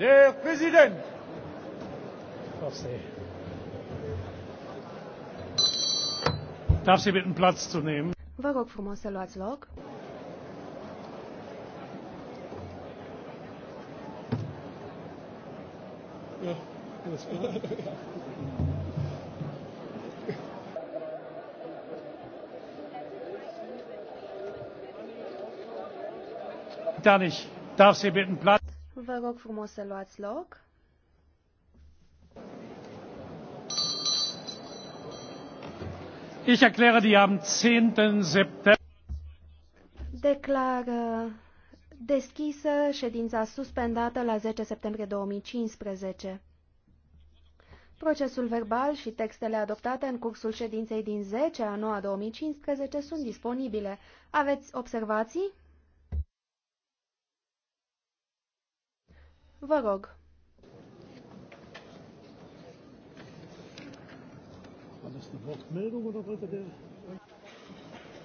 Der Präsident. Darf Sie bitten Platz zu nehmen? Vă rog frumos să luați loc. Ja, das Dann ich darf Sie bitten Platz. Vă rog frumos să luați loc. Ich erkläre die am 10. September Declară deschisă ședința suspendată la 10 septembrie 2015. Procesul verbal și textele adoptate în cursul ședinței din 10 a 9 a 2015 sunt disponibile. Aveți observații? Vă rog. War das eine Wortmeldung oder wollte der